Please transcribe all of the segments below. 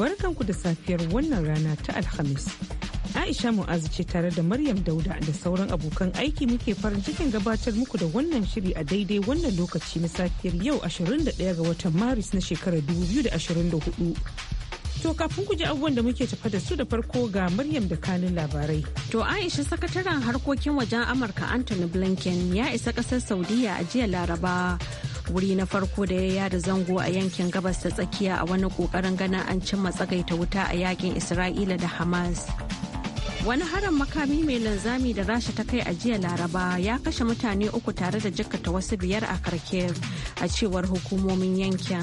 barkanku da safiyar wannan rana ta Alhamis. Aisha Mu'azu ce tare da Maryam Dauda da sauran abokan aiki muke farin cikin gabatar muku da wannan shiri a daidai wannan lokaci na safiyar yau 21 ga watan Maris na shekarar 2024. To kafin ku ji abubuwan da muke tafa da su da farko ga Maryam da kanin labarai. To Aisha sakataren harkokin wajen Amurka Anthony Blinken ya isa kasar Saudiya a jiya Laraba wuri na farko da ya yada zango a yankin gabas ta tsakiya a wani kokarin ganin an cimma tsagaita wuta a yakin isra'ila da hamas wani harin makami mai linzami da rasha ta kai a jiya laraba ya kashe mutane uku tare da jikkata wasu biyar a kharkiv a cewar hukumomin yankin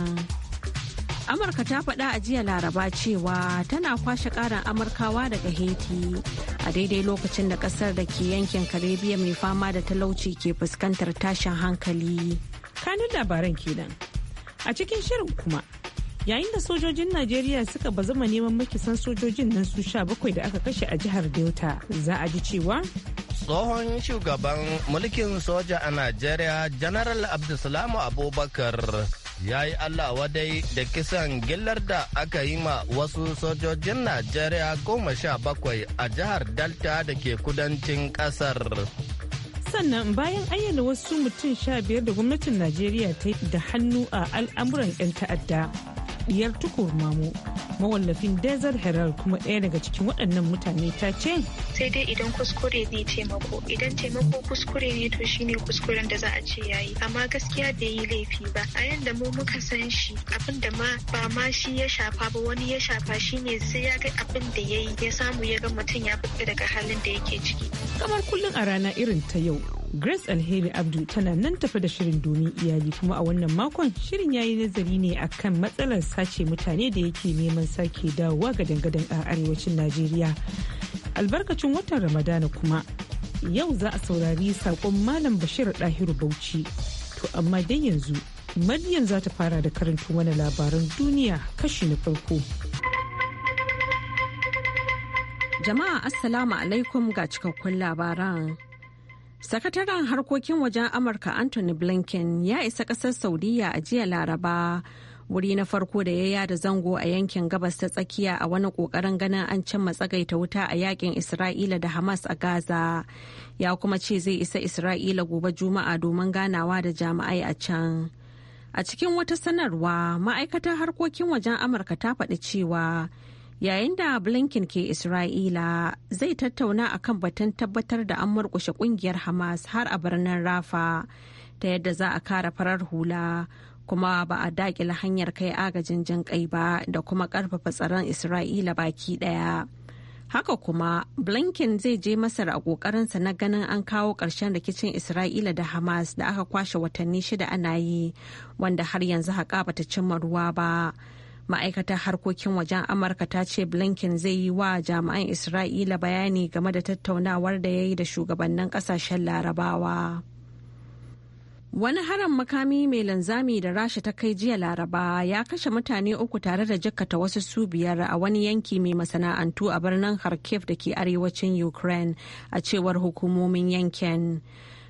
amurka ta faɗa a jiya laraba cewa tana kwashe ƙarin amurkawa daga haiti a daidai lokacin da ƙasar da ke yankin karibiya mai fama da talauci ke fuskantar tashin hankali kanun labaran kenan a cikin shirin kuma yayin da sojojin najeriya suka ba zama neman makisan sojojin nan su sha bakwai da aka kashe a jihar delta za a ji cewa tsohon shugaban mulkin soja a najeriya Janaral abdulsalamu abubakar ya yi allah wadai da kisan gillar da aka yi ma wasu sojojin najeriya goma sha bakwai a jihar delta da ke kudancin kasar sannan bayan ayyana wasu mutum sha biyar da gwamnatin najeriya ta da hannu a al'amuran 'yan ta'adda diyar tukur mamu mawallafin desert herald kuma ɗaya daga cikin waɗannan mutane ta ce sai dai idan kuskure ne taimako idan taimako kuskure ne to shine kuskuren da za a ce yayi amma gaskiya bai yi laifi ba a yanda mu muka san shi abin da ba ma shi ya shafa ba wani ya shafa shine sai ya ga abin da yayi ya samu ya ga mutum ya fita daga halin da yake ciki kamar kullum a rana irin ta yau Grace Alheri Abdu tana nan tafi da shirin domin iyali kuma a wannan makon shirin yayi nazari ne a kan matsalar sace mutane da yake neman sake dawowa ga dangadan a arewacin Najeriya. Albarkacin watan Ramadana kuma yau za a saurari saƙon Malam Bashir Dahiru Bauchi. To amma dai yanzu Maryam za ta fara da karanto wani labaran duniya kashi na farko. Jama'a Assalamu alaikum ga cikakkun labaran. Sakataren harkokin wajen Amurka Anthony Blinken ya isa ƙasar Saudiya a jiya Laraba. wuri na farko da ya yada zango a yankin gabas ta tsakiya a wani ƙoƙarin ganin an cin tsagaita wuta a yakin isra'ila da hamas a gaza ya kuma ce zai isa isra'ila gobe juma'a domin ganawa da jami'ai a can a cikin wata sanarwa ma'aikatar harkokin wajen amurka ta faɗi cewa yayin da blinken ke isra'ila zai tattauna akan batun tabbatar da an murkushe kungiyar hamas har a birnin rafa ta yadda za a kara farar hula kuma ba a dakila hanyar kai agajin jin kai ba da kuma karfafa tsaron isra'ila baki daya haka kuma blinken zai je masar a kokarinsa na ganin an kawo ƙarshen rikicin isra'ila da hamas da aka kwashe watanni shida ana yi wanda har yanzu haka bata cimma ruwa ba ma'aikatar harkokin wajen amurka ta ce blinken zai yi wa jami'an isra'ila bayani game da tattaunawar da ya yi da shugabannin kasashen larabawa wani harin makami mai linzami da rasha ta kai jiya laraba ya kashe mutane uku tare da jikkata wasu su biyar a wani yanki mai masana'antu a birnin kharkiv da ke arewacin ukraine a cewar hukumomin yankin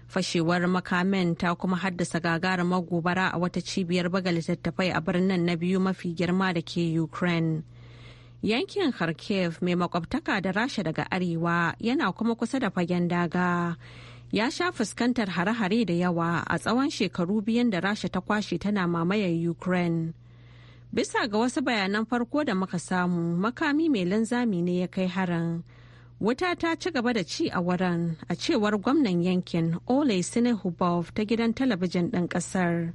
fashewar makamin ta kuma haddasa gagarumar gobara a wata cibiyar baga littattafai a birnin na biyu mafi girma da ke ukraine yankin kharkiv mai makwabtaka da rasha daga arewa yana kuma kusa da fagen daga ya sha fuskantar hare-hare da yawa a tsawon shekaru biyan da rasha ta kwashe tana mamayar ukraine bisa ga wasu bayanan farko da muka samu makami mai linzami ne ya kai harin Wuta ta ci gaba da ci a wurin a cewar gwamnan yankin Ole Sinehubov ta gidan talabijin ɗin ƙasar.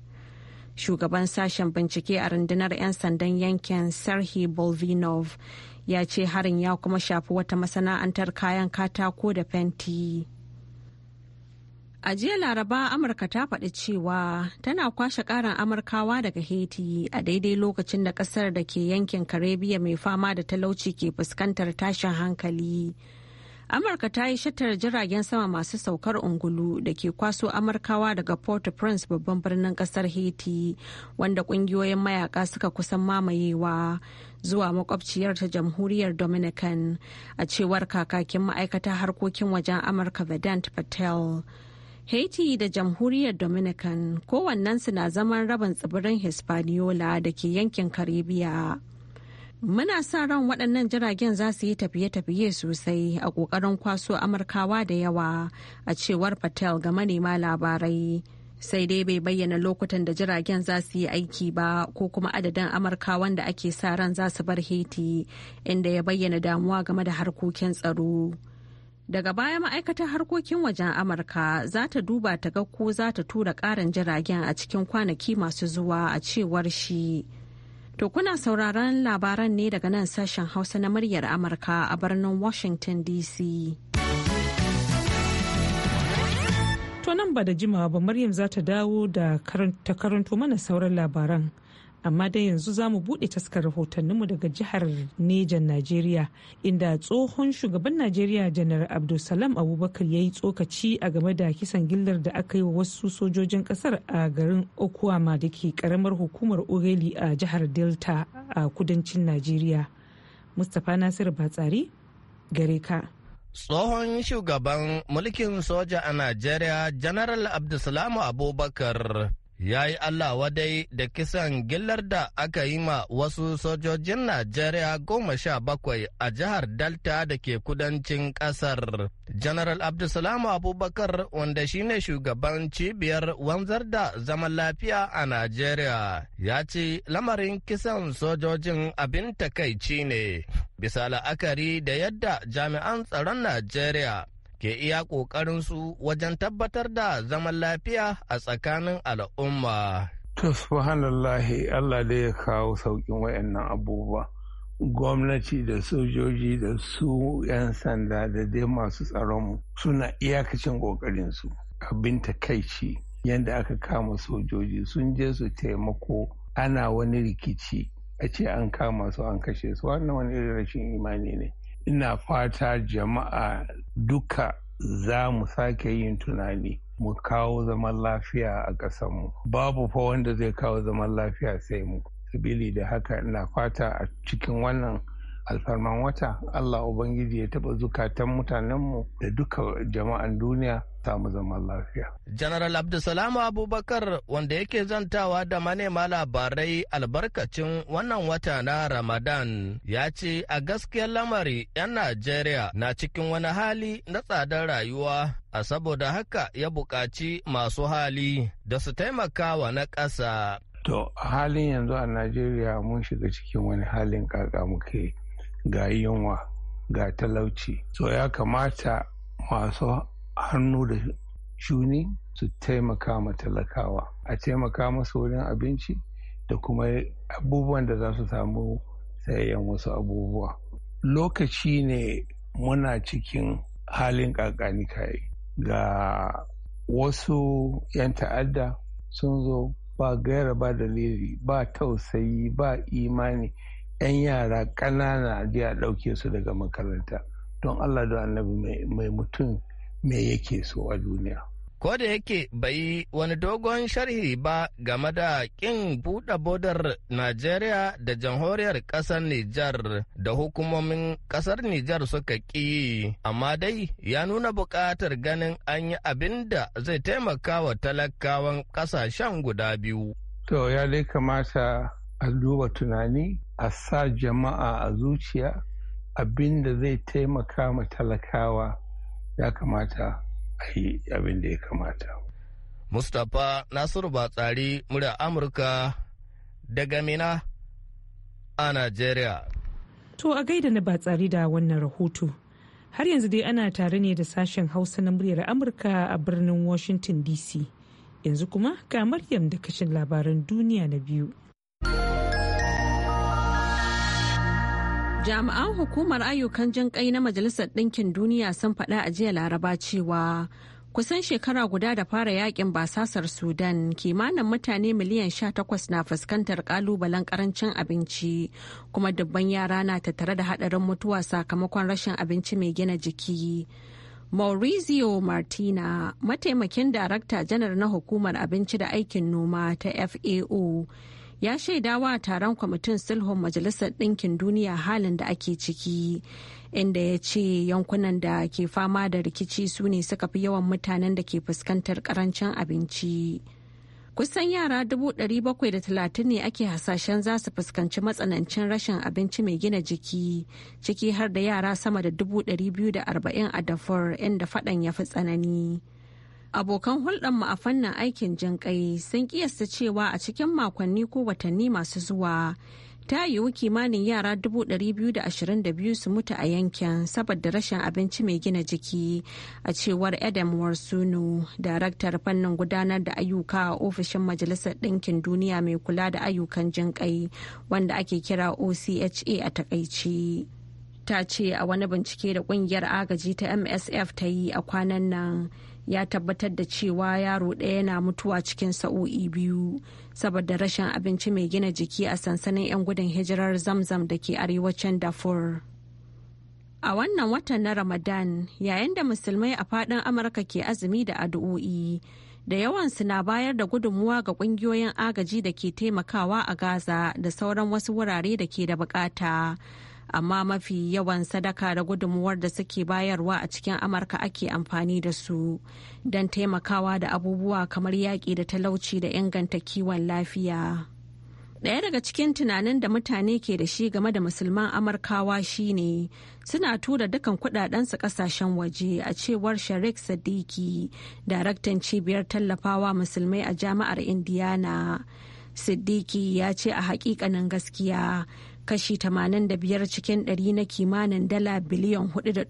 Shugaban sashen bincike a rundunar 'yan sandan yankin Serhi Bolvinov ya ce harin ya kuma shafi wata masana'antar kayan katako da fenti. A jiya Laraba Amurka ta faɗi cewa tana kwashe ƙarin Amurkawa daga Haiti a daidai lokacin da ƙasar da ke yankin Karibiya mai fama da talauci ke fuskantar tashin hankali. Amurka ta yi shattar jiragen sama masu saukar ungulu da ke kwaso Amurkawa daga port prince babban birnin ƙasar Haiti wanda ƙungiyoyin mayaka suka kusan mamayewa zuwa makwabciyar ta jamhuriyar Dominican a cewar kakakin ma'aikatar harkokin wajen Amurka Vedant Patel. haiti da jamhuriyar dominican kowannensu na zaman rabin tsibirin hispaniola da ke yankin karibiya muna sa ran waɗannan jiragen za su yi tafiye-tafiye sosai a ƙoƙarin kwaso amurkawa da yawa a cewar patel ga manema labarai sai dai bai bayyana lokutan da jiragen za su yi aiki ba ko kuma adadin amurkawan da ake sa ran za su bar haiti inda ya bayyana damuwa game da harkokin tsaro. daga baya ma'aikatar harkokin wajen amurka za ta duba ta ga ko za ta tura ƙarin jiragen a cikin kwanaki masu zuwa a cewar shi to kuna sauraron labaran ne daga nan sashen hausa na muryar amurka a birnin washington dc to nan ba da jimawa ba maryam za ta dawo da ta karanto mana sauran labaran amma dai yanzu za mu buɗe taskar rahotanninmu daga jihar nejan najeriya inda tsohon shugaban najeriya janar abdulsalam abubakar ya yi tsokaci a game da kisan gillar da aka yi wa wasu sojojin kasar a garin okuama da ke karamar hukumar ogeli a jihar delta a kudancin najeriya mustapha nasir batsari gare ka Tsohon shugaban mulkin soja a Najeriya, janaral Abdulsalamu Abubakar ya yi Allah wadai da kisan gillar da aka yi ma wasu sojojin Najeriya goma sha bakwai a jihar Delta da ke kudancin ƙasar. General Abdulsalam Abubakar wanda shine shugaban cibiyar wanzar da zaman lafiya a Najeriya ya ce lamarin kisan sojojin abin takaici ne. Bisa la'akari da yadda jami'an tsaron Najeriya ke iya ƙoƙarinsu wajen tabbatar da zaman lafiya a tsakanin al'umma. To, subhanallahi Allah da ya kawo sauƙin wayannan abubuwa. Gwamnati da sojoji da su 'yan sanda da dai masu tsaronmu suna iyakacin ƙoƙarinsu. Abin takaici yadda aka kama sojoji sun je su taimako ana wani rikici a ce an kama su an kashe su wannan wani irin rashin imani ne. ina fata jama'a duka za mu sake yin tunani mu kawo zaman lafiya a ƙasanmu babu fa wanda zai kawo zaman lafiya sai mu sabili da haka ina fata a cikin wannan alfarman wata allah ubangiji ya taɓa zukatan mutanenmu da duka jama'an duniya samu zaman lafiya. General Abdulsalam Abubakar wanda yake zantawa da manema labarai albarkacin wannan wata na Ramadan ya ce a gaskiyar lamari 'yan Najeriya na cikin wani hali na tsadar rayuwa a saboda haka ya buƙaci masu hali da su taimaka wa na ƙasa. To halin yanzu a Najeriya mun shiga cikin wani halin kaka muke ga yunwa ga talauci. So ya kamata masu hannu da shuni su taimaka ma talakawa a taimaka masu wurin abinci da kuma abubuwan da za su samu sayayyan wasu abubuwa lokaci ne muna cikin halin kakani kai ga wasu 'yan ta'adda sun zo ba gaira ba dalili ba tausayi ba imani 'yan yara ƙanana a ɗauke su daga makaranta don allah da annabi mai mutum me yake so a duniya. Ko da yake bai wani dogon sharhi ba game da ƙin buɗe bodar Najeriya da jamhuriyar ƙasar Nijar da hukumomin ƙasar Nijar suka ƙi, amma dai ya nuna buƙatar ganin an yi abin da zai taimaka wa talakawan ƙasashen guda biyu. To ya dai kamata a duba tunani, a sa jama'a a zuciya abin da zai taimaka ma talakawa. ya kamata a yi abin da ya kamata. Mustapha Nasiru Batsari murya Amurka daga Mina a Najeriya. To a gaida na Batsari da wannan rahoto. Har yanzu dai ana tare ne da sashen Hausa na muryar Amurka a birnin Washington DC. Yanzu kuma ga Maryam da kashin labaran duniya na biyu. Jami'an hukumar ayyukan jin kai na Majalisar Ɗinkin Duniya sun faɗa a jiya Laraba cewa kusan shekara guda da fara yakin basasar Sudan kimanin mutane miliyan sha-takwas na fuskantar kalubalen karancin abinci kuma dubban yara na tattare da haɗarin mutuwa sakamakon rashin abinci mai gina jiki. Maurizio Martina, mataimakin darakta janar na hukumar abinci da aikin noma ta FAO, ya shaida wa taron kwamitin sulhun majalisar ɗinkin duniya halin da ake ciki inda ya ce yankunan da ke fama da rikici su ne suka fi yawan mutanen da ke fuskantar karancin abinci kusan yara 730 ne ake hasashen za su fuskanci matsanancin rashin abinci mai gina jiki ciki har da yara sama da 240 a dafur inda fadan ya fi tsanani Abokan mu a fannin aikin jinƙai sun kiyasta cewa a cikin makonni ko watanni masu zuwa ta yiwu kimanin yara 222 su mutu a yankin saboda rashin abinci mai gina jiki a cewar adam warsunu daraktar fannin gudanar da ayyuka a ofishin majalisar ɗinkin duniya mai kula da ayyukan jinƙai wanda ake kira ocha a takaici ta ce a wani bincike da kungiyar agaji ta msf ta yi a kwanan nan ya tabbatar da cewa yaro ɗaya yana mutuwa cikin sa'o'i biyu saboda rashin abinci mai gina jiki a sansanin 'yan gudun hijirar zamzam da ke arewacin darfur a wannan watan na ramadan yayin da musulmai a faɗin amurka ke azumi da addu'o'i da yawansu na bayar da gudunmuwa ga ƙungiyoyin agaji da ke taimakawa a gaza da sauran wasu wurare da ke da bukata. amma mafi yawan sadaka da gudunmuwar da suke bayarwa a cikin amurka ake amfani da su don taimakawa da abubuwa kamar yaƙi da talauci da inganta kiwon lafiya ɗaya daga cikin tunanin da mutane ke da shi game da musulman amurkawa shine suna tura dukan kudadensu kasashen waje a cewar sharik sadiki daraktan cibiyar tallafawa musulmai a jami'ar indiana siddiki ya ce a hakikanin gaskiya kashi 85 cikin 100 na kimanin dala biliyan 4.3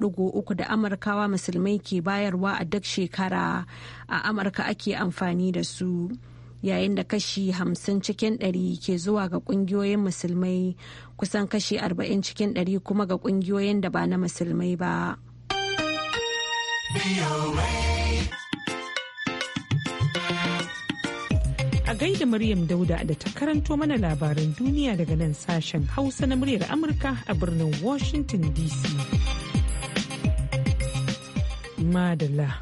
da amurkawa musulmai ke bayarwa a duk shekara a amurka ake amfani da su yayin da kashi 50 cikin 100 ke zuwa ga kungiyoyin musulmai kusan kashi 40 cikin 100 kuma ga kungiyoyin da ba na musulmai ba. da Maryam Dauda da ta karanto mana labaran duniya daga nan sashen Hausa na muryar Amurka a birnin Washington DC. Madala.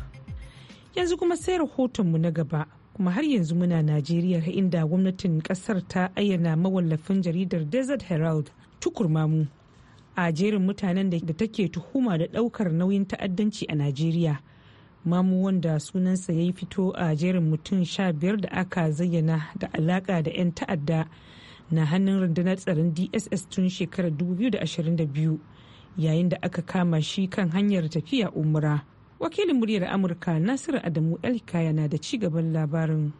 Yanzu kuma sai rahotonmu na gaba. kuma har yanzu muna Najeriya inda gwamnatin kasar ta ayyana mawallafin jaridar Desert Herald tukurmamu a jerin mutanen da take tuhuma da ɗaukar nauyin ta'addanci a Najeriya. mamu wanda sunansa ya fito a jerin mutum sha biyar da aka zayyana da alaka da 'yan ta'adda na hannun rundunar tsaron dss tun shekarar 2022 yayin da aka kama shi kan hanyar tafiya umura. wakilin muryar amurka nasiru adamu elkaya na da ci gaban labarin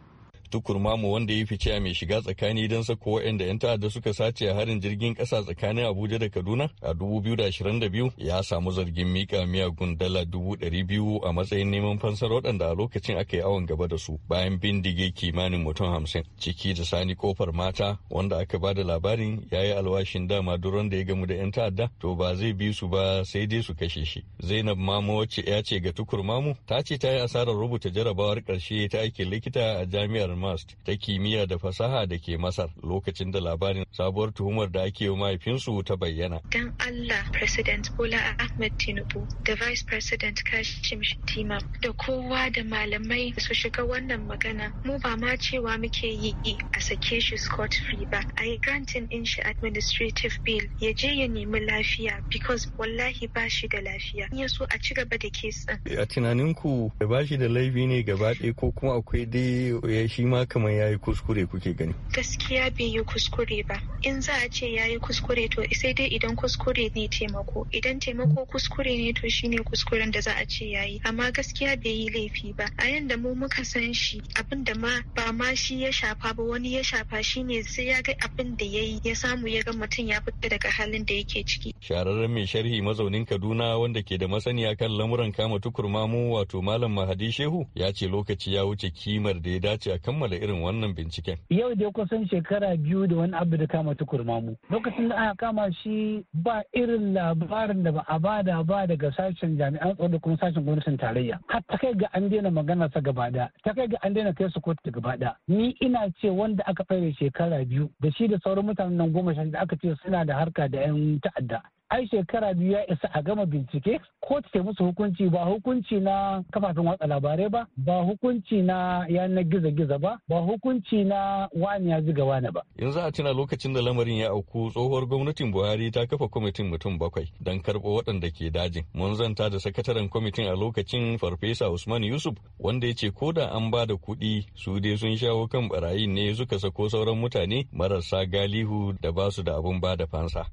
Tukur Mamu wanda ya fice a mai shiga tsakani don sako waɗanda 'yan ta'adda suka sace a harin jirgin ƙasa tsakanin Abuja da Kaduna a 2022 ya samu zargin mika miyagun dala 200,000 a matsayin neman fansar waɗanda a lokacin aka yi awon gaba da su bayan bindige kimanin mutum hamsin ciki da sani kofar mata wanda aka ba da labarin ya yi alwashin dama duron da ya gamu da 'yan ta'adda to ba zai bi su ba sai dai su kashe shi. Zainab Mamu wacce ya ce ga Tukur Mamu ta ce ta yi asarar rubuta jarabawar ƙarshe ta aikin likita a jami'ar Mast ta kimiyya da fasaha da ke Masar lokacin da labarin sabuwar tuhumar da ake yi mahaifinsu ta bayyana. Dan Allah President Bola Ahmed Tinubu da Vice President Kashim Shettima da kowa da malamai su shiga wannan magana mu ba ma cewa muke yi a sake shi Scott free ba a yi grantin in shi administrative bill ya je ya nemi lafiya because wallahi ba shi da lafiya ya so a ci gaba da kesa. Eh, a tunaninku da ba shi da laifi ne gaba ɗaya ko kuma akwai dai ya eh, shi ma kamar yayi kuskure kuke gani gaskiya bai yi kuskure ba in za a ce yayi kuskure to sai dai idan kuskure ne taimako idan taimako kuskure ne to shine kuskuren da za a ce yayi amma gaskiya bai yi laifi ba a yanda mu muka san shi abin da ma ba ma shi ya shafa ba wani ya shafa shi ne sai ya ga abin da ya yi ya samu ya ga mutum ya fita daga halin da yake ciki shararren mai sharhi mazaunin Kaduna wanda ke da masaniya kan lamuran kama tukurmamu wato malam Mahadi Shehu ya ce lokaci ya wuce kimar da ya dace a kan kammala irin wannan binciken. Yau dai kusan shekara biyu da wani abu da kama tukurma mu. Lokacin da aka kama shi ba irin labarin da ba a bada ba daga sashen jami'an tsaro da kuma sashen gwamnatin tarayya. Har ta kai ga an daina magana sa gaba da ta kai ga an daina kai su kotu gaba da. Ni ina ce wanda aka fara shekara biyu da shi da sauran mutanen nan goma sha da aka ce suna da harka da 'yan ta'adda. ai shekara biyu ya isa a gama bincike ko ta musu hukunci ba hukunci na kafafen watsa labarai ba ba hukunci na yanar gizo-gizo ba ba hukunci na wani ya ziga wani ba. Yanzu a tuna lokacin da lamarin ya auku tsohuwar gwamnatin Buhari ta kafa kwamitin mutum bakwai don karɓo waɗanda ke dajin. Mun zanta da sakataren kwamitin a lokacin Farfesa Usman Yusuf wanda ya ce ko da an ba da kuɗi su dai sun shawo kan barayi ne suka sako sauran mutane marasa galihu da ba su da abun ba da fansa.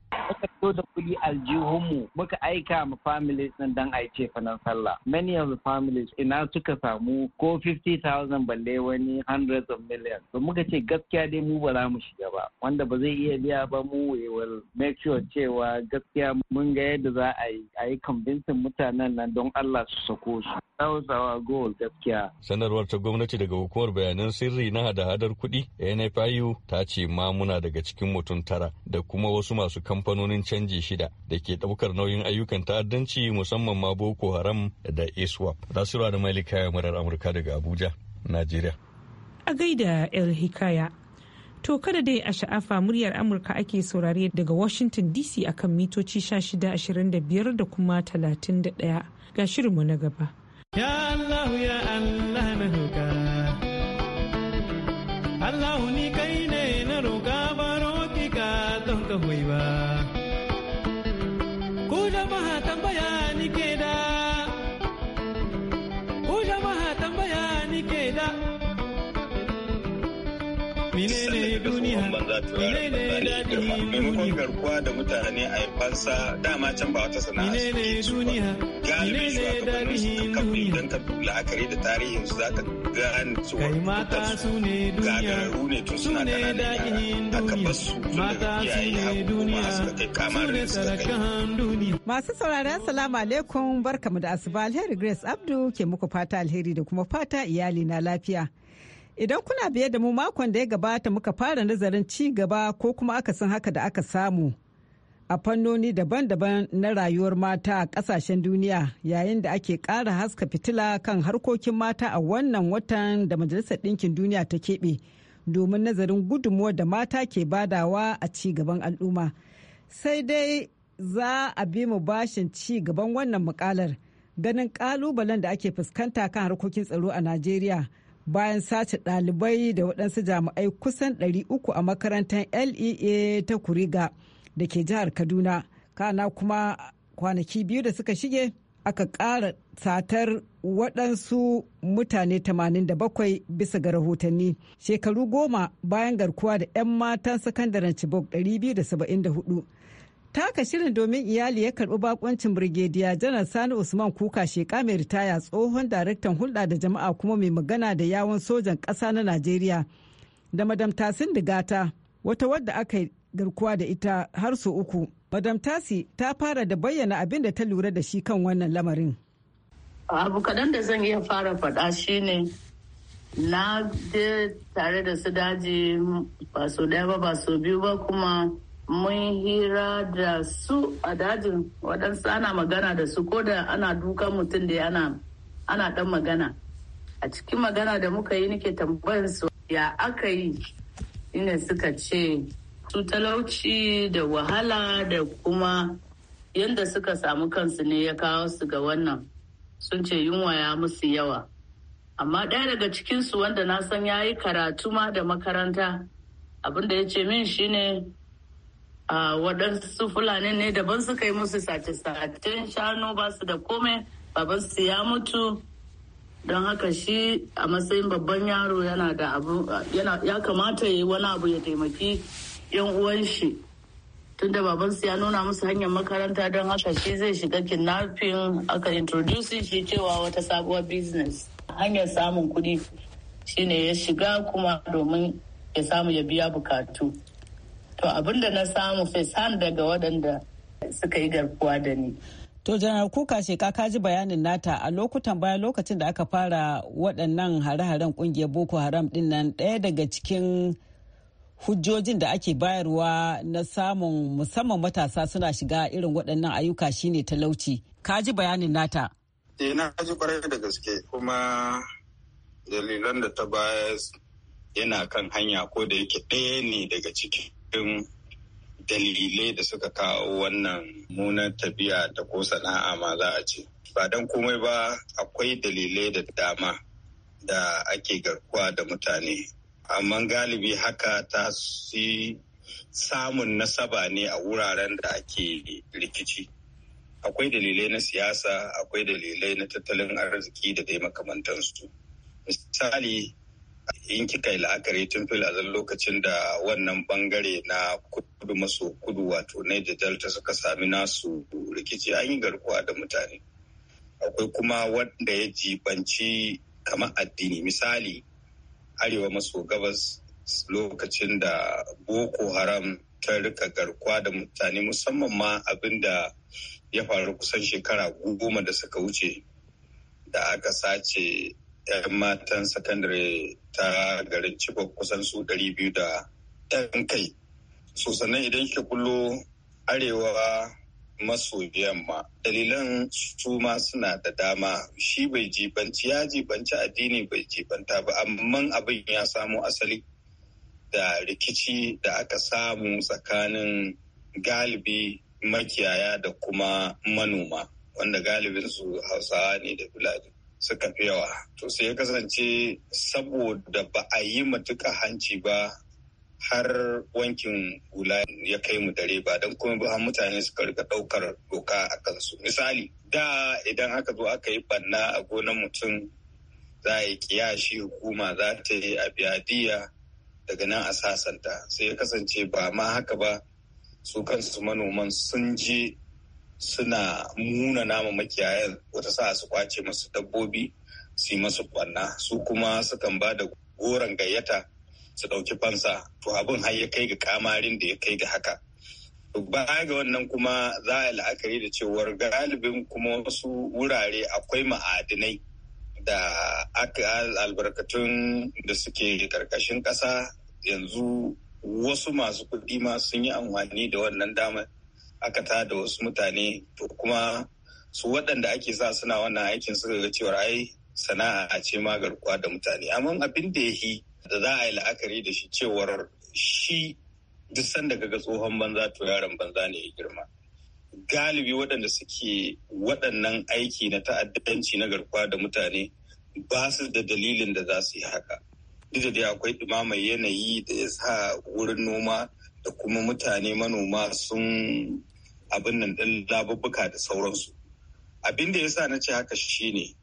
a aljihunmu muka aika ma families din dan a ce fanan sallah many of the families ina suka samu ko 50,000 balle wani hundreds of millions to muka ce gaskiya dai mu ba za mu shiga ba wanda ba zai iya biya ba mu we will make sure cewa gaskiya mun ga yadda za a yi a yi convincing mutanen nan don Allah su sako su that was our goal gaskiya sanarwar ta gwamnati daga hukumar bayanan sirri na hada-hadar kuɗi NFIU ta ce ma muna daga cikin mutum tara da kuma wasu masu kamfanonin canji shida da ke ɗaukar nauyin ayyukan ta'addanci musamman ma Boko Haram da ISWAP. su da Malika murar Amurka daga Abuja, Najeriya. A gaida El Hikaya. To kada dai a sha'afa muryar Amurka ake saurare daga Washington DC akan mitoci 1625 da kuma 31 ga shirinmu na gaba. Ya Allah ya Allah na roƙa. Allah ni kai ne na roƙa baro ki ka don ka ba. maimakon garkuwa da mutane a fansa dama can ba wata sana'a suke su ba galibi shugabannin su kafa idan ka la'akari da tarihin su zaka gane cewa gagararru ne tun suna da kananan yara aka bar su tun daga iyaye kuma suka kai kamar da suka kai. Masu saurara salamu alaikum barkamu da asuba alheri Grace Abdu ke muku fata alheri da kuma fata iyali na lafiya. Idan kuna biye da mu makon da ya gabata muka fara nazarin ci gaba ko kuma aka san haka da aka samu a fannoni daban-daban na rayuwar mata a kasashen duniya yayin da ake ƙara haska fitila kan harkokin mata a wannan watan da Majalisar Ɗinkin Duniya ta keɓe domin nazarin gudunmuwa da mata ke badawa a ci gaban al'umma. Sai dai za a bi mu bashin ci gaban wannan mukalar ganin ƙalubalen da ake fuskanta kan harkokin tsaro a Najeriya. bayan sace ɗalibai da waɗansu jami'ai kusan 300 a makarantar lea ta kuriga da ke jihar kaduna kana kuma kwanaki biyu da suka shige aka ƙara satar waɗansu mutane 87 bisa ga rahotanni shekaru goma bayan garkuwa da 'yan matan sakandaren chibok 274 taka shirin domin iyali ya karbi bakoncin birgediya janar sani usman kuka sheka mai ritaya tsohon daraktan hulɗa da jama'a kuma mai magana da yawon sojan ƙasa na najeriya da madam tasin digata wata wadda aka garkuwa da ita har su uku madam tasi ta fara da bayyana abin da ta lura da shi kan wannan lamarin abu da zan iya fara faɗa shine na je tare da su daji ba so ɗaya ba ba so biyu ba kuma mun hira da su a dajin waɗansu ana magana da su ko da ana dukan mutum da ana ana ɗan magana a cikin magana da muka yi nake tambayar su ya aka yi ina suka ce su talauci da wahala da kuma yadda suka samu kansu ne ya kawo su ga wannan sun ce yunwa ya musu yawa amma ɗaya daga cikinsu wanda na san ya yi karatu ma da makaranta abinda ya ce min shine waɗansu fulani ne daban suka yi musu sace-sacen shanu ba su da komai babansu ya mutu don haka shi a matsayin babban yaro yana da abu ya kamata ya yi wani abu ya taimaki yan uwan shi tunda babansu ya nuna musu hanyar makaranta don haka shi zai shiga kidnapping aka introduce shi cewa wata sabuwar business hanyar samun kuɗi shine ya shiga kuma domin ya samu ya biya bukatu to abinda na samu fesan daga waɗanda suka yi garkuwa da ni To janar kuka sheka ka ji bayanin nata a lokutan baya lokacin da aka fara waɗannan hare-haren ƙungiyar Boko Haram ɗin nan ɗaya daga cikin hujjojin da ake bayarwa na samun musamman matasa suna shiga irin waɗannan ayyuka shine talauci. Ka ji bayanin nata? Eh na ji kwarai da gaske kuma dalilan da ta baya yana kan hanya ko da yake ɗaya ne daga ciki. cikin dalilai da suka kawo wannan munar tafiya da ko sana'a ma za a ce ba don komai ba akwai dalilai da dama da ake garkuwa da mutane amma galibi haka ta si samun nasaba ne a wuraren da ake rikici akwai dalilai na siyasa akwai dalilai na tattalin arziki da dai makamantansu misali in kika yi la'akari tun fil a lokacin da wannan bangare na kudu maso kudu wato Niger Delta suka sami nasu rikici an yi garkuwa da mutane. Akwai kuma wanda ya jibanci kamar addini misali arewa maso gabas lokacin da Boko Haram ta rika garkuwa da mutane musamman ma abin da ya faru kusan shekara goma da suka wuce da aka sace 'yan matan sakandare ta garin Chibok kusan su biyu da 'yan kai. So sannan idan ke kullo arewa maso yamma dalilan su ma suna da dama shi bai jibanci ya jibanci addini bai jibanta ba amma abin ya samo asali da rikici da aka samu tsakanin galibi makiyaya da kuma manoma wanda galibinsu hausawa ne da fulani suka fi yawa to sai ya kasance saboda ba a yi matuka hanci ba har wankin hula ya kai mu dare ba don kuma ba mutane suka rika ɗaukar doka a kansu misali da idan aka zo aka yi banna a gonan mutum za a yi kiyashi hukuma za ta yi a biyadiya daga nan a sasanta sai ya kasance ba ma haka ba su kansu manoman sun je suna muna nama makiyayan wata sa su kwace masu dabbobi su yi masu kwanna su kuma sukan ba da goron gayyata su ɗauki fansa to abin har ya kai ga kamarin da ya kai ga haka baya ga wannan kuma za a la'akari da cewar galibin kuma wasu wurare akwai ma'adinai da aka albarkatun da suke karkashin ƙasa yanzu wasu masu kuɗi ma sun yi amfani da wannan damar aka da wasu mutane to kuma su waɗanda ake sa suna wannan aikin suka ga cewa ai sana'a ce ma garkuwa da mutane amma abin da ya yi da za a yi la'akari da shi cewar shi duk sanda ga tsohon banza to yaron banza ne ya girma galibi waɗanda suke waɗannan aiki na ta'addanci na garkuwa da mutane ba su da dalilin da za su yi haka duk da dai akwai ɗumamar yanayi da ya sa wurin noma da kuma mutane manoma sun abin nan ɗin labubbuka da sauransu abin da ya sa na ce haka shi ne.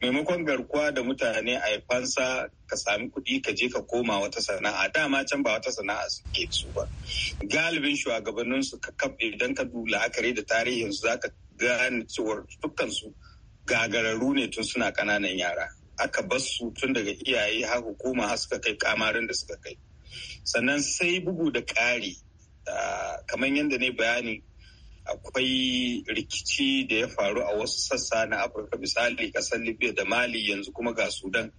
maimakon garkuwa da mutane a fansa ka sami kuɗi ka je ka koma wata sana'a dama can ba wata sana'a suke su ba galibin shugabanninsu ka kaf idan ka dula akare da tarihinsu za ka gane cewar dukkansu gagararru ne tun suna ƙananan yara aka bar su tun daga iyaye har hukuma har suka kai kamarin da suka kai sannan sai bugu da ƙari kamar yadda ne bayani akwai rikici da ya faru a wasu sassa na afirka misali ƙasar libya da mali yanzu kuma ga sudan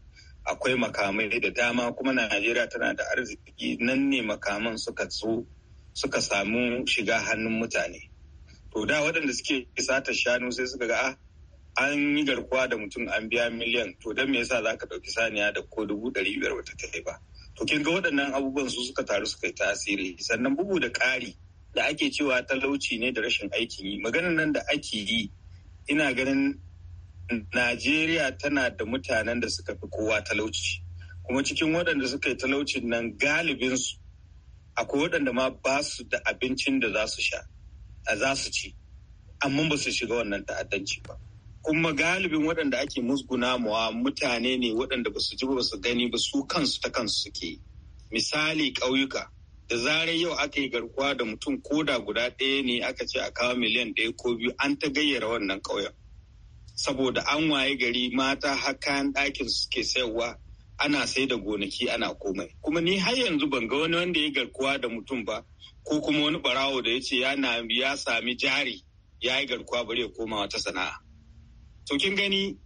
akwai makamai da dama kuma najeriya tana da arziki nan ne makaman suka so suka samu shiga hannun mutane to da waɗanda suke sata shanu sai suka ga ah, an yi garkuwa da mutum an biya miliyan to don me yasa za ka ɗauki saniya da ko dubu ɗari biyar wata ta ba to kin ga waɗannan abubuwan su suka taru suka yi tasiri sannan bugu da ƙari da ake cewa talauci ne da rashin aikin yi magana nan da ake yi ina ganin najeriya tana da mutanen da suka fi kowa talauci kuma cikin waɗanda suka yi talaucin nan galibinsu akwai waɗanda ma ba su da abincin da za su sha a za su ci amma ba su shiga wannan ta'addanci ba kuma galibin waɗanda ake musguna mawa mutane ne waɗanda ba su ji ba su gani ba su kansu ta kansu suke misali ƙauyuka da zarar yau aka yi garkuwa da mutum ko da guda ɗaya ne aka ce a kawo miliyan ɗaya ko biyu an ta gayyara wannan ƙauyen saboda an waye gari mata har kayan ɗakin suke sayarwa ana sai da gonaki ana komai kuma ni har yanzu ban ga wani wanda ya garkuwa da mutum ba ko kuma wani barawo da ya ce ya sami jari ya yi garkuwa bari ya koma wata sana'a to kin gani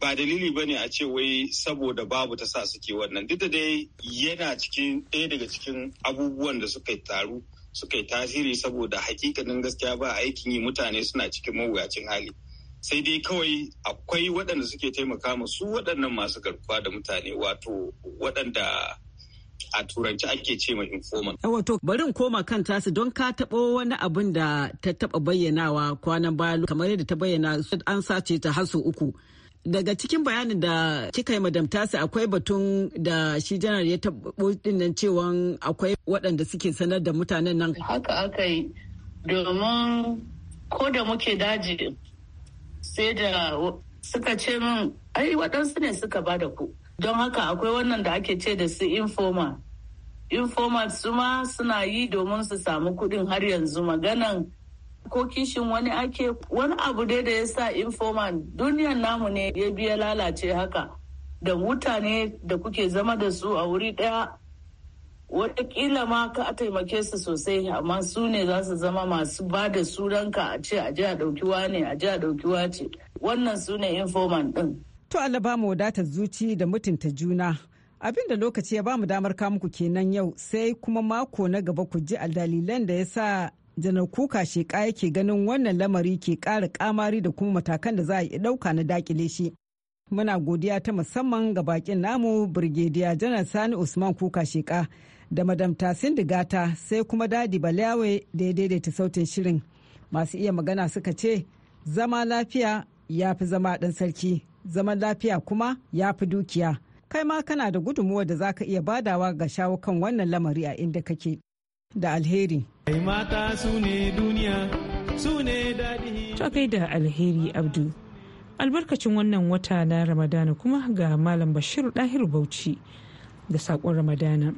ba dalili bane a ce wai saboda babu ta sa suke wannan duk da dai yana cikin ɗaya daga cikin abubuwan da suka taru suka yi tasiri saboda hakikanin gaskiya ba aikin yi mutane suna cikin mawuyacin hali sai dai kawai akwai waɗanda suke taimaka su waɗannan masu garkuwa da mutane wato waɗanda a turanci ake ce ma informant. Wato in koma kan tasu don ka taɓo wani abin da ta taɓa bayyanawa kwanan baya kamar yadda ta bayyana an sace ta har uku. Daga cikin bayanin da kika yi madam tasi akwai batun da shi janar ya taɓo dinnan cewa akwai waɗanda suke sanar da mutanen nan. Haka aka yi domin ko da muke daji sai da suka ce min ai waɗansu ne suka ba da ku. don haka akwai wannan da ake ce da su informa informat ma suna yi domin su samu kuɗin har yanzu maganan ko kishin wani ake wani abu dai da ya sa informa duniyan namu ne ya biya lalace haka da mutane da kuke zama da su a wuri daya watakila ma ka a taimake su sosai amma su ne za su zama masu ba da sunanka a ce a ji a ɗauki ne a ji a ɗauki ce wannan su ne informan ɗin To Allah ba mu wadatar zuci da mutunta juna. Abin da lokaci ya ba mu damar muku kenan yau sai kuma mako na gaba ku ji dalilan da ya sa janar kuka sheka yake ganin wannan lamari ke ƙara kamari da kuma matakan da za a yi ɗauka na dakile shi. Muna godiya ta musamman ga bakin namu Birgediya Janar Sani Usman Kuka Sheka da Madam Tasin Digata sai kuma Dadi Balawe da ya daidaita sautin shirin. Masu iya magana suka ce, zama lafiya ya fi zama ɗan sarki zaman lafiya kuma ya fi dukiya kai ma kana da gudunmuwa da zaka iya badawa ga shawo kan wannan lamari a inda kake da alheri mata su to kai da alheri abdu albarkacin wannan wata na ramadana kuma ga malam bashir dahiru bauchi da saƙon ramadana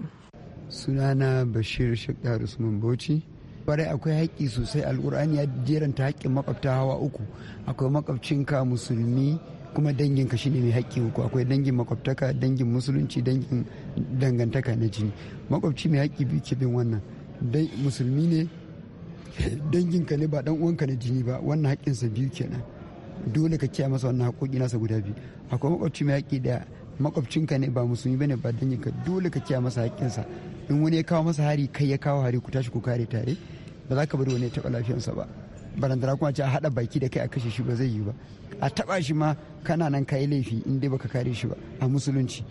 sunana bashir shakdar usman bauchi barai akwai haƙƙi sosai alƙur'ani ya jeranta haƙƙin makwabta hawa uku akwai makwabcinka musulmi kuma danginka shine mai haƙƙi uku akwai dangin makwabtaka dangin musulunci dangin dangantaka na jini makwabci mai haƙƙi biyu ke bin wannan musulmi ne danginka ne ba dan uwanka na jini ba wannan haƙƙinsa biyu kenan dole ka kiyaye masa wannan haƙoƙi nasa guda biyu akwai makwabci mai haƙƙi da makwabcinka ne ba musulmi bane ba danginka dole ka kiyaye masa haƙƙinsa in wani ya kawo masa hari kai ya kawo hari ku tashi ku kare tare ba za ka bari wani ya taɓa lafiyansa ba barantana kuma ce a haɗa baki da kai a kashe shi ba zai yi ba a taɓa shi ma kana nan kayi laifi in dai baka kare shi ba a musulunci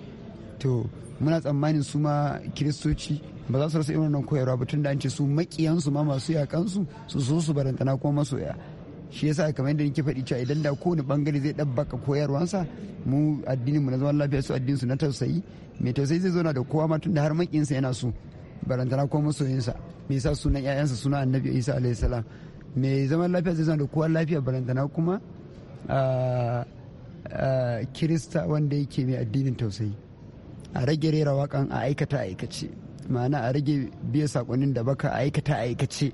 to muna tsammanin su ma kiristoci ba za su rasa irin wannan koyarwa ba da an ce su maƙiyansu ma masu yakansu su so su barantana kuma masoya shi yasa kamar yadda nake faɗi cewa idan da kowane bangare zai ɗabbaka koyarwansa mu addinin mu na zaman lafiya su addinin su na tausayi mai tausayi zai zauna da kowa ma tun da har makinsa yana so barantana ko masoyinsa me yasa sunan ƴaƴansa suna annabi isa alayhi salam mai zaman lafiya zai zauna da kowa lafiya barantana kuma kirista wanda yake mai addinin tausayi a rage rera wakan a aikata aikace ma'ana a rage biya sakonin da baka aikata aikace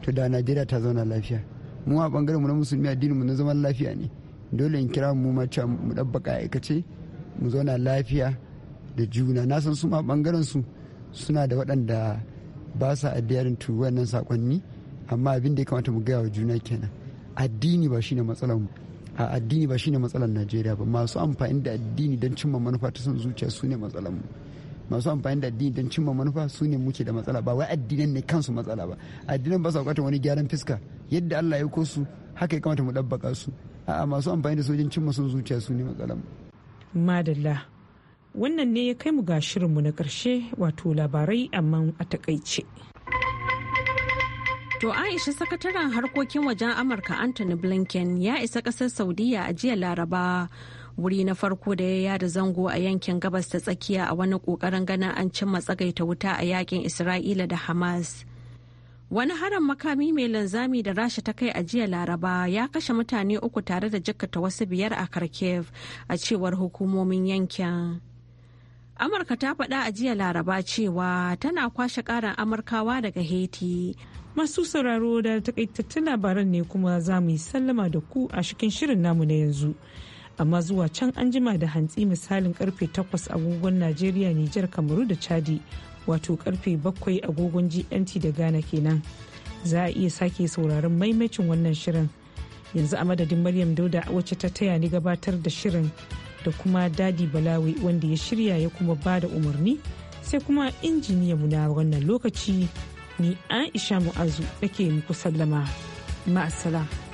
to da najeriya ta zauna lafiya mu a bangaren mu na musulmi addinin mu na zaman lafiya ne dole in kira mu ma cewa mu dabbaka aikace mu zauna lafiya da juna na san su ma bangaren su suna da waɗanda ba sa addiyarin tu wannan sakonni amma abin da ya kamata mu gaya wa juna kenan addini ba shine matsalar a addini ba shine matsalar Najeriya ba masu amfani da addini don cimma manufa ta son zuciya su ne matsalar mu masu amfani da addini don cimma manufa su ne muke da matsala ba wai addinan ne kansu matsala ba addinan ba sa bukatar wani gyaran fiska yadda Allah ya ko su haka ya kamata mu ɗabbaka su a'a masu amfani da sojin cimma sun zuciya su ne matsalan madalla wannan ne ya kai mu ga shirinmu na karshe wato labarai amma a takaice To Aisha sakataren harkokin wajen Amurka Anthony Blinken ya isa ƙasar Saudiya a jiya Laraba wuri na farko da ya yada zango a yankin gabas ta tsakiya a wani ƙoƙarin ganin an cimma tsagaita wuta a yakin Isra'ila da Hamas. Wani harin makami mai linzami da rasha ta kai a jiya Laraba ya kashe mutane uku tare da jikkata wasu biyar a Kharkiv a cewar hukumomin yankin. Amurka ta faɗa a jiya Laraba cewa tana kwashe ƙarin Amurkawa daga Haiti. Masu sauraro da takaitattun labaran ne kuma za mu yi sallama da ku a cikin shirin namu na yanzu. Amma zuwa can an jima da hantsi misalin karfe 8 agogon Najeriya, Nijar, Kamaru da Chadi. wato karfe bakwai agogon gmt da ghana kenan za a iya sake sauraron maimacin wannan shirin yanzu a madadin maryam dauda wacce ta taya ni gabatar da shirin da kuma dadi balawi wanda ya shirya ya kuma ba da umarni sai kuma mu na wannan lokaci ni aisha mu'azu ake muku sallama ma'asala.